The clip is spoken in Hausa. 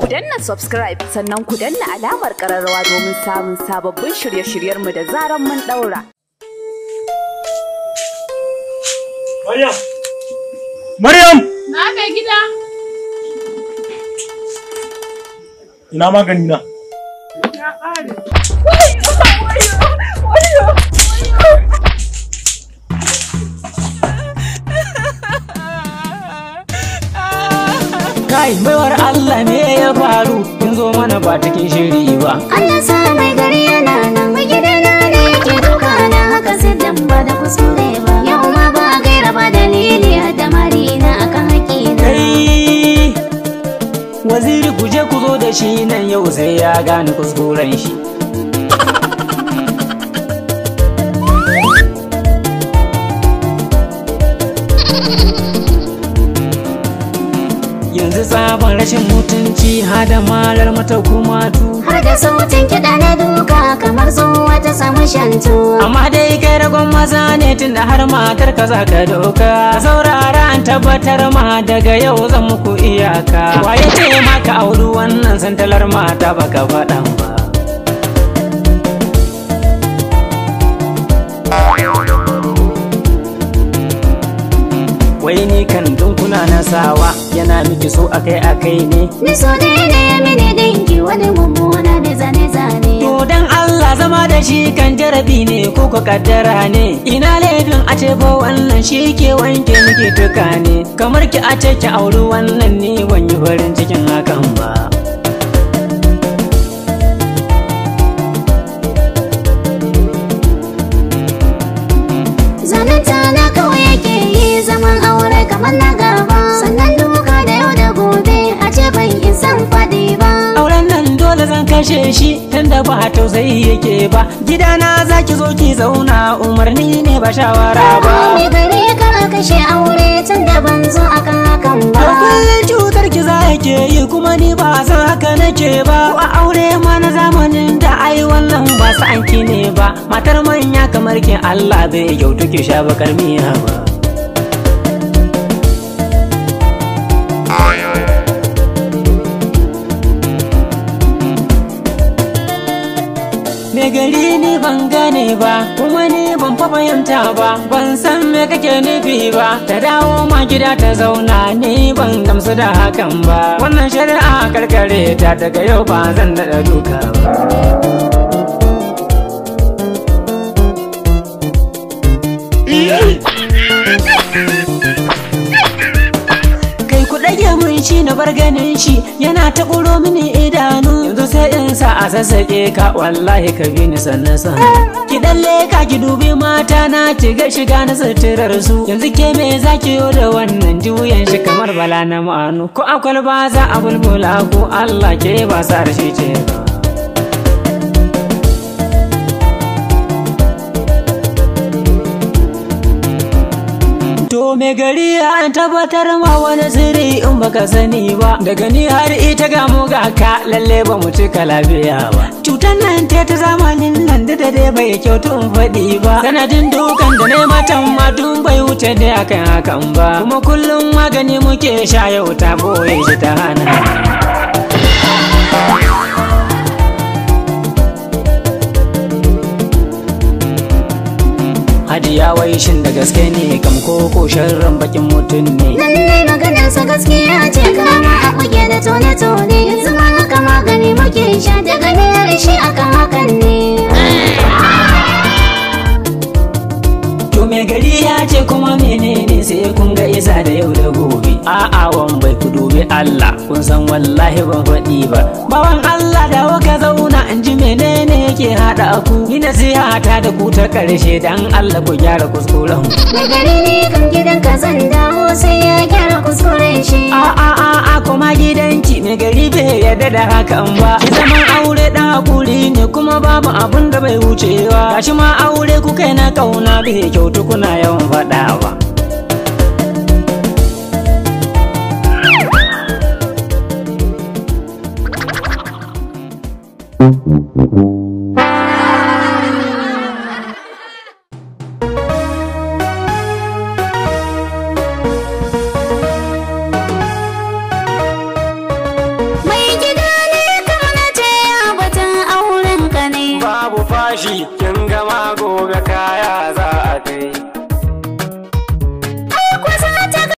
Ku danna subscribe sannan ku danna alamar ƙararrawa domin samun sababbin shirye-shiryenmu da zaran mun ɗaura. Maryam! Maryam! Na kai gida. Ina magani na? ƙare. kai baiwar Allah ne ya faru kin zo mana ba cikin shiri ba Allah sa mai gari yana nan mai gida na ne yake doka na haka dan ba da kuskure ba yau ma ba gaira ba dalili har da marina akan haƙi na kai waziri ku je ku zo da shi nan yau sai ya gane kuskuren shi yanzu sabon rashin mutunci hada malar mata tu. har da sautin kiɗa na duka kamar sun wata samun shantu amma dai kai ragon maza ne tunda har matar ka za ka doka saurara an tabbatar ma daga yau zan muku iyaka waye ce maka auri wannan santalar mata baka faɗan ba wai ni kan dunkuna na sawa yana miki so akai akai ne ni so da ya mene danki wani mummuna da zane zane to dan Allah zama da shi kan jarabi ne ko ko kaddara ne ina laifin a ce ba wannan shi ke wanke miki tuka ne kamar ki a ce ki auri wannan ne, ban yi farin cikin hakan ba kashe shi tunda ba tausayi yake ba gidana za ki zo ki zauna umarni ne ba shawara ba ni gare ka kashe aure tunda ban zo a hakan ba kullum cutar ki za ke yi kuma ni ba san haka nake ba a aure ma na zamanin da ai wannan ba sa'anki ne ba matar manya kamar ki Allah bai yau ki sha bakar miya ba ba kuma ni ban fa fahimta ba ban san me kake nufi ba ta dawo ma gida ta zauna ni ban gamsu da hakan ba wannan shari'a karkare ta daga yau ba zan daɗa duka ba ci na bar ganin shi yana ta ƙuro mini idanu yanzu sai in sa a sassaƙe ka wallahi ka bi ni sannan sannan ki dalle ka ki dubi mata na ki ga shiga na suturar su yanzu ke me za ki yo da wannan juyan shi kamar bala na ma'anu ko akwal ba za a bulbula ko Allah ke ba sa rashi ce ba me gari an tabbatar ma wani sirri in baka sani ba daga ni har ita ga mu ga ka lalle ba mu cika lafiya ba cutar nan ta ta zamanin nan da dare bai kyautu in faɗi ba sanadin dukan da ne matan ma dun bai wuce da akan hakan ba kuma kullum magani muke sha yau ta boye ta hana ya wai shin da gaske ne kam ko ko sharran bakin mutum ne lallai magana sa gaskiya ce kama a kuke da tone tone yanzu ma haka magani muke sha daga ne ya rishi aka hakan ne to me gari a'a wan bai ku dubi Allah kun san wallahi ban faɗi ba bawan Allah da waka zauna in ji menene yake haɗa ku ni nasiha ta da ku ta ƙarshe dan Allah ku gyara kuskuren ku gari ne kan gidan ka zan dawo sai ya gyara kuskuren shi a'a a'a kuma gidanki ne gari bai yarda da hakan ba zaman aure dan hakuri ne kuma babu abun da bai wucewa gashi ma aure ku kai na kauna bai kyautu kuna yawan faɗa ba